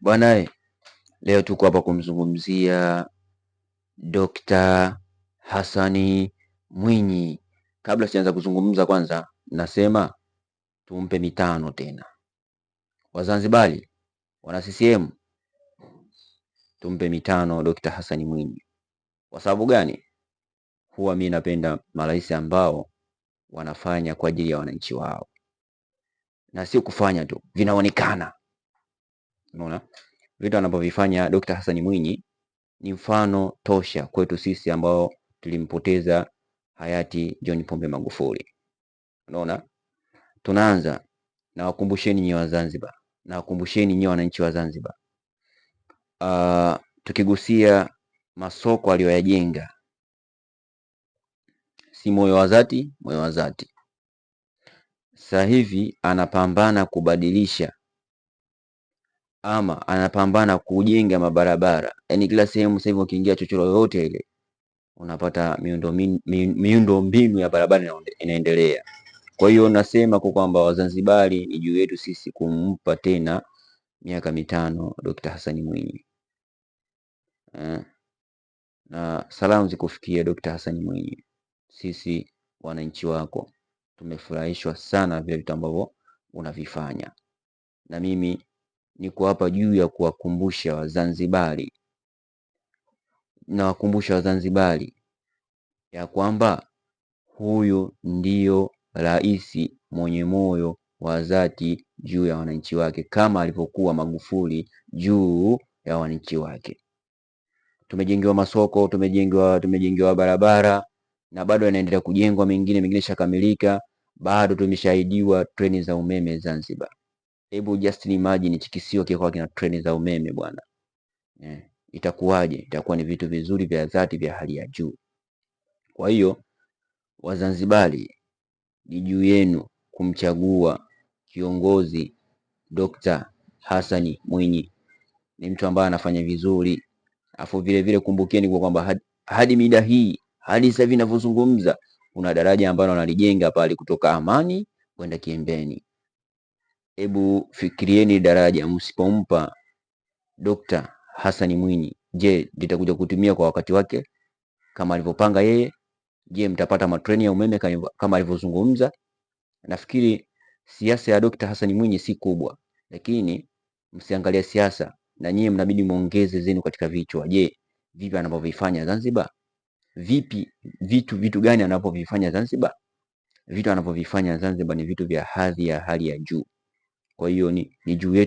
Bwana leo tuko hapa kumzungumzia Dr. hasani Mwinyi. Kabla sijaanza kuzungumza, kwanza nasema tumpe mitano tena. Wazanzibari wana CCM, tumpe mitano Dr. hasani Mwinyi. Kwa sababu gani? Huwa mi napenda marais ambao wanafanya kwa ajili ya wananchi wao na sio kufanya tu, vinaonekana Unaona vitu anavyovifanya Dr. hasani Mwinyi ni mfano tosha kwetu sisi ambao tulimpoteza hayati John Pombe Magufuli. Unaona, tunaanza na wakumbusheni nyie wa Zanzibar na wakumbusheni nyie wananchi wa Zanzibar. Uh, tukigusia masoko aliyoyajenga, si moyo wa zati moyo wa zati Sasa hivi anapambana kubadilisha ama anapambana kujenga mabarabara. Yani kila sehemu sasa hivi ukiingia chochoro yoyote ile unapata miundo miundo mbinu ya barabara inaendelea. Kwa hiyo nasema kwa kwamba Wazanzibari ni juu yetu sisi kumpa tena miaka mitano Dr. Hassan Mwinyi eh, na salamu zikufikia Dr. Hassan Mwinyi. Sisi wananchi wako tumefurahishwa sana vile vitu ambavyo unavifanya, na mimi niko hapa juu ya kuwakumbusha Wazanzibari na wakumbusha Wazanzibari ya kwamba huyu ndiyo rais mwenye moyo wa dhati juu ya wananchi wake kama alivyokuwa Magufuli juu ya wananchi wake. Tumejengewa masoko, tumejengewa tumejengewa barabara na bado yanaendelea kujengwa, mengine mengine shakamilika, bado tumeshahidiwa treni za umeme Zanzibar. Hebu just imagine hichi kikawa kina treni za umeme bwana, eh, Itakuwaje? Itakuwa ni vitu vizuri vya dhati vya hali ya juu. Kwa hiyo Wazanzibari, ni juu yenu kumchagua kiongozi Dr. Hassan Mwinyi. Ni mtu ambaye anafanya vizuri, afu vile vile kumbukeni kwa kwamba hadi, hadi mida hii hadi sasa hivi ninavyozungumza kuna daraja ambalo analijenga pale kutoka Amani kwenda Kiembeni. Hebu fikirieni daraja msipompa Dr. Hassan Mwinyi, je, litakuja kutumia kwa wakati wake kama alivyopanga yeye? Je, mtapata matreni ya umeme kama alivyozungumza? Nafikiri siasa ya Dr. Hassan Mwinyi si kubwa, lakini msiangalia siasa, na nyie mnabidi muongeze zenu katika vichwa. Je, vipi anavyovifanya Zanzibar? Vipi vitu vitu gani anavyovifanya Zanzibar? Vitu anavyovifanya Zanzibar ni vitu vya hadhi ya hali ya juu. Kwa hiyo ni, ni juu yetu.